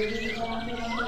Thank you.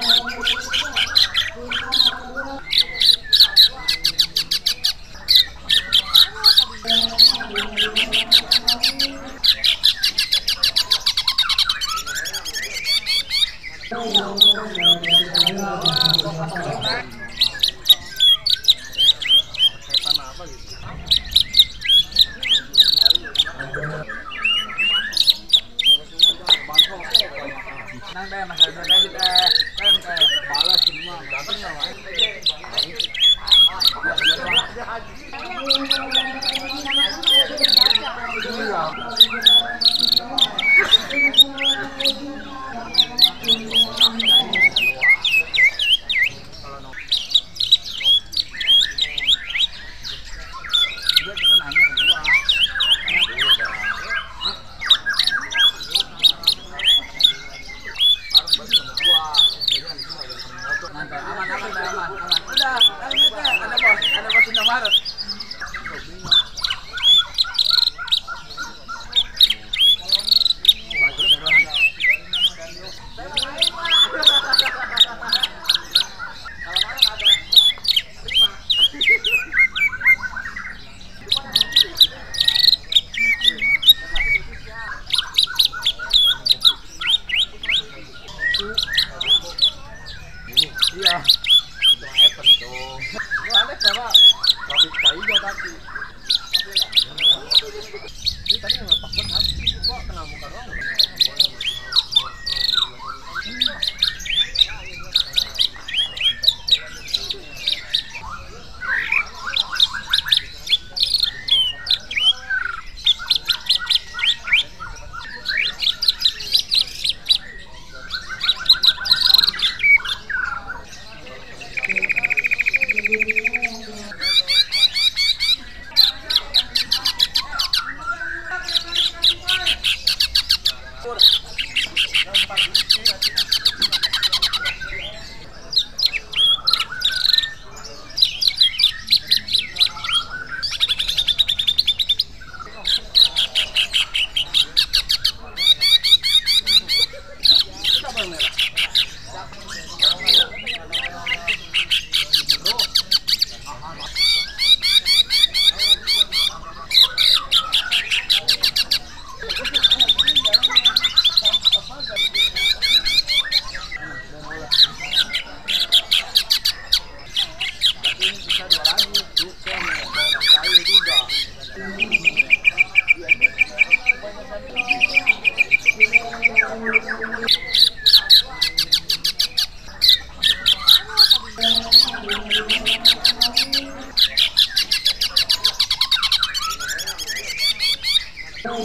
哎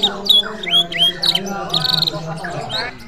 呀！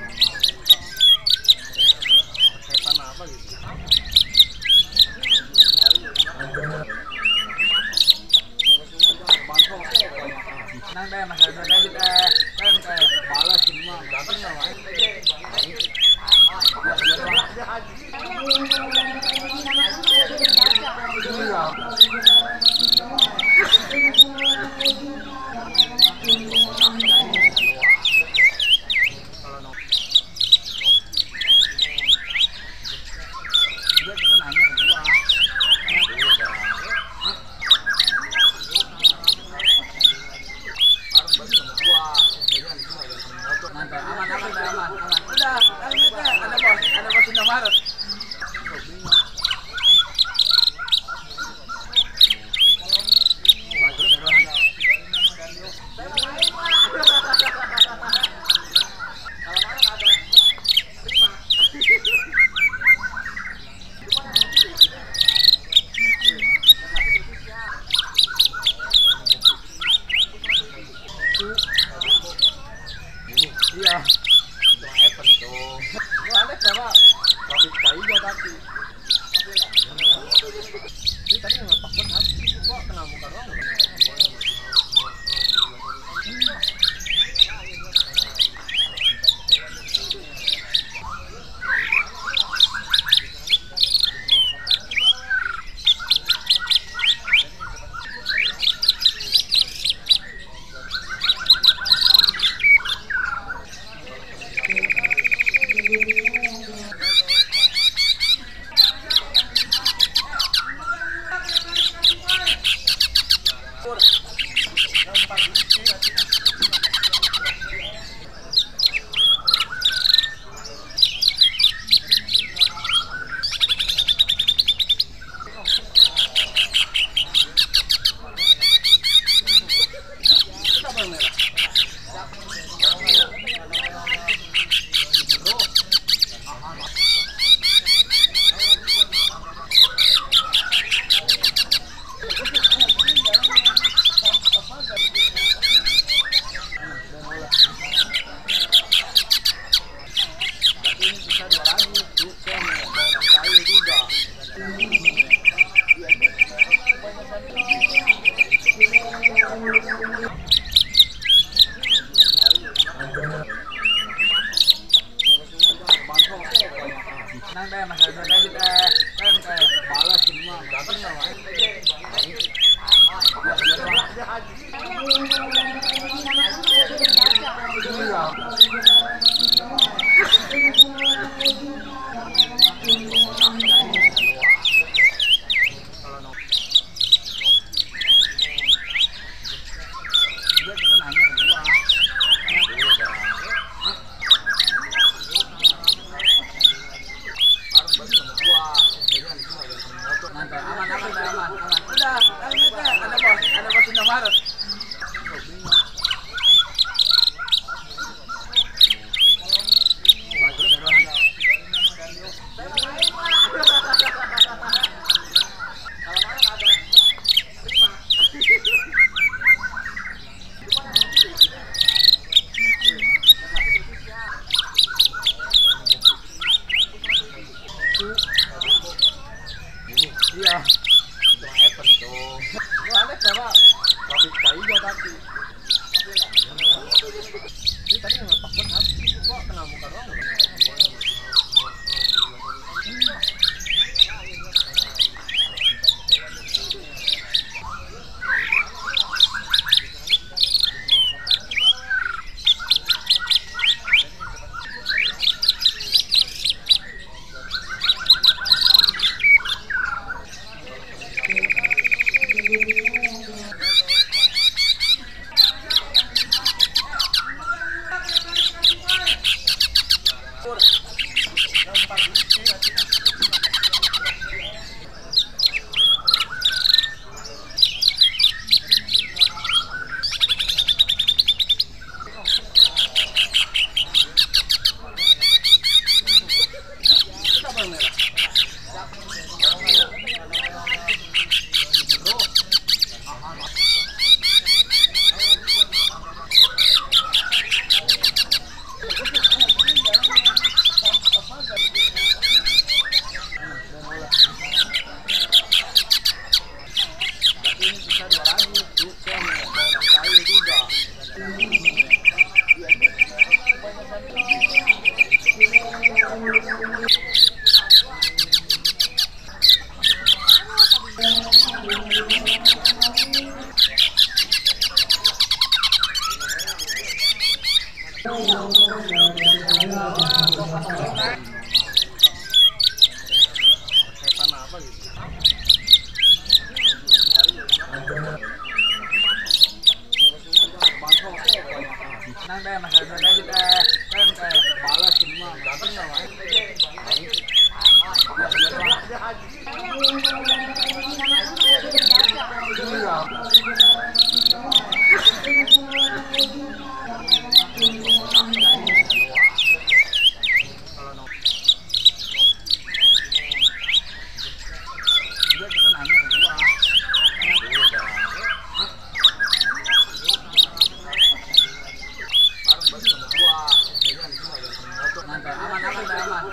满了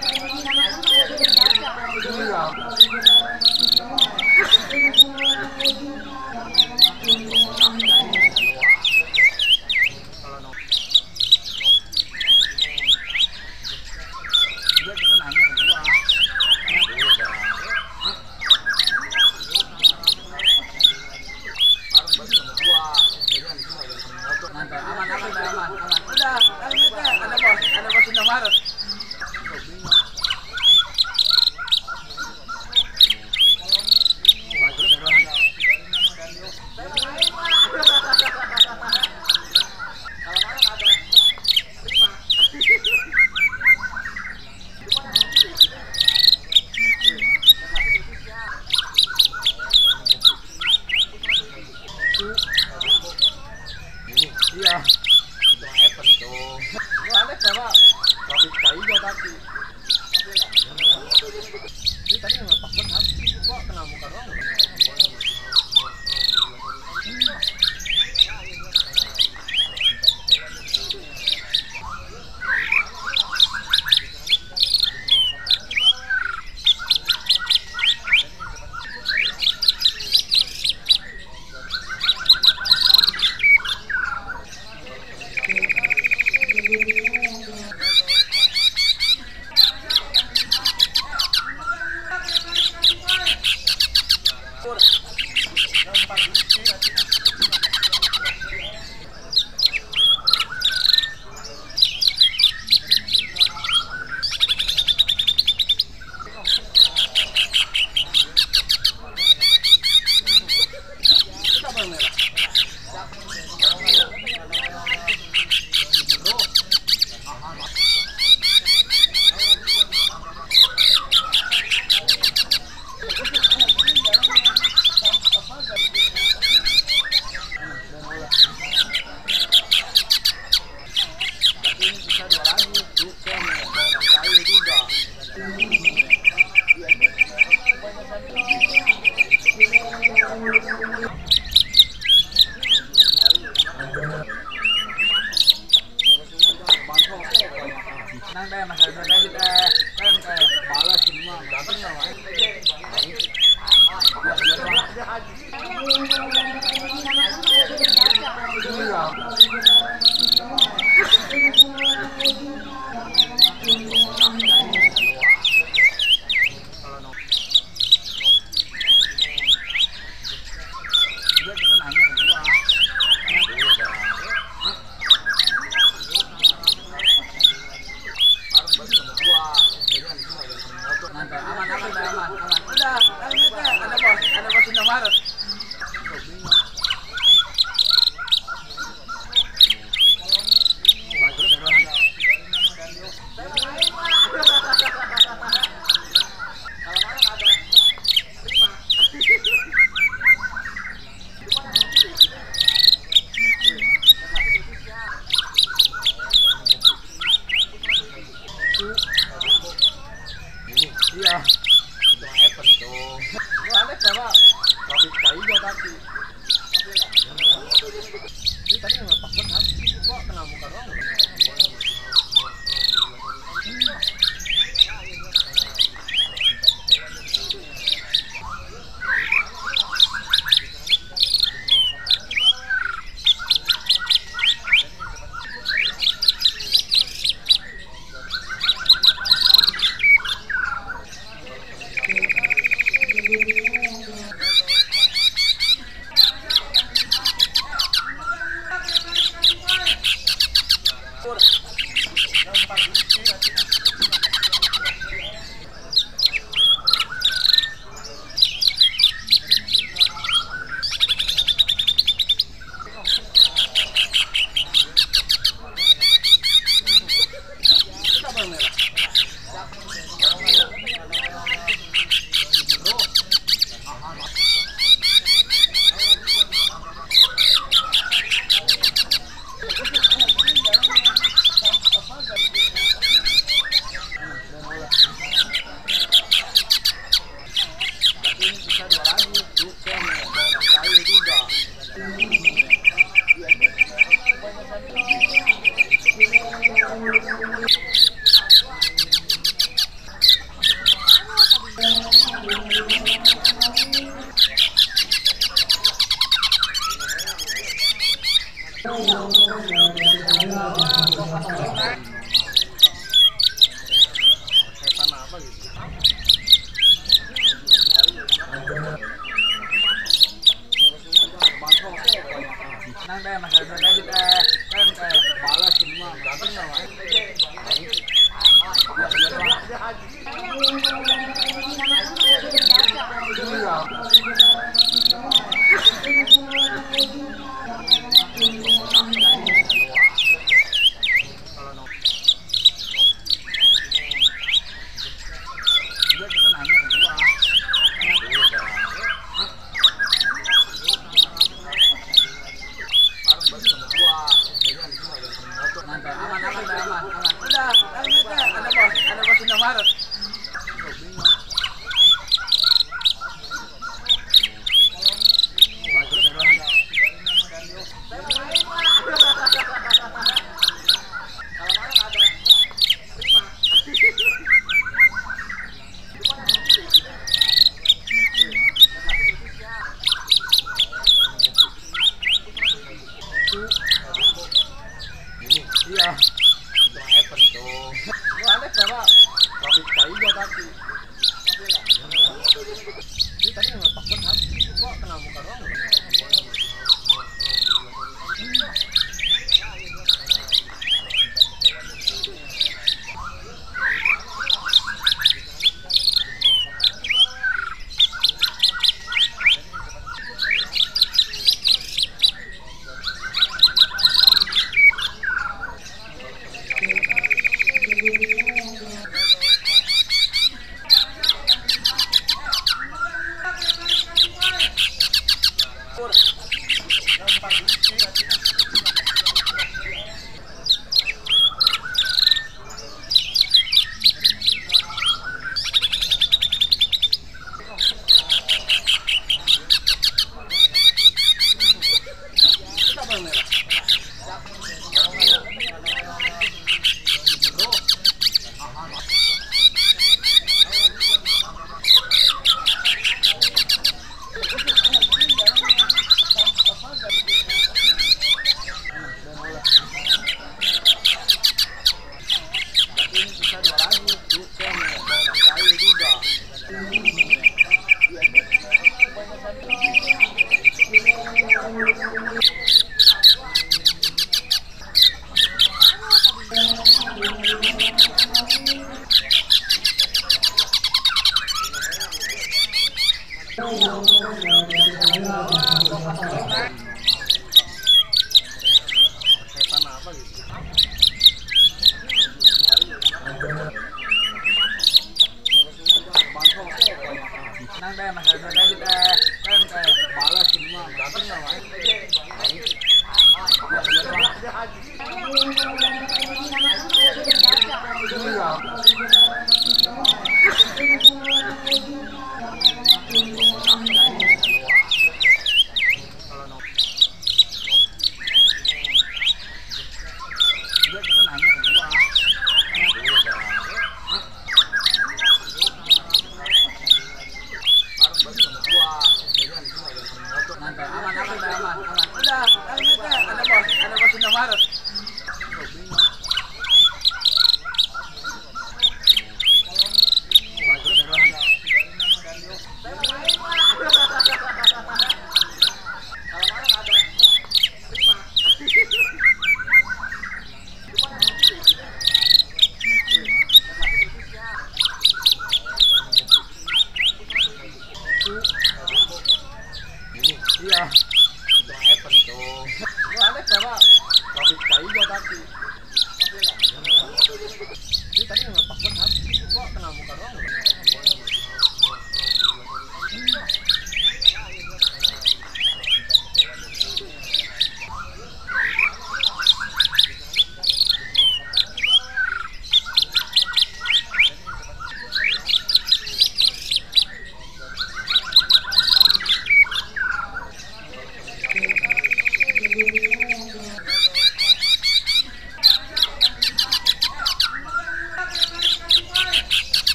Thank you.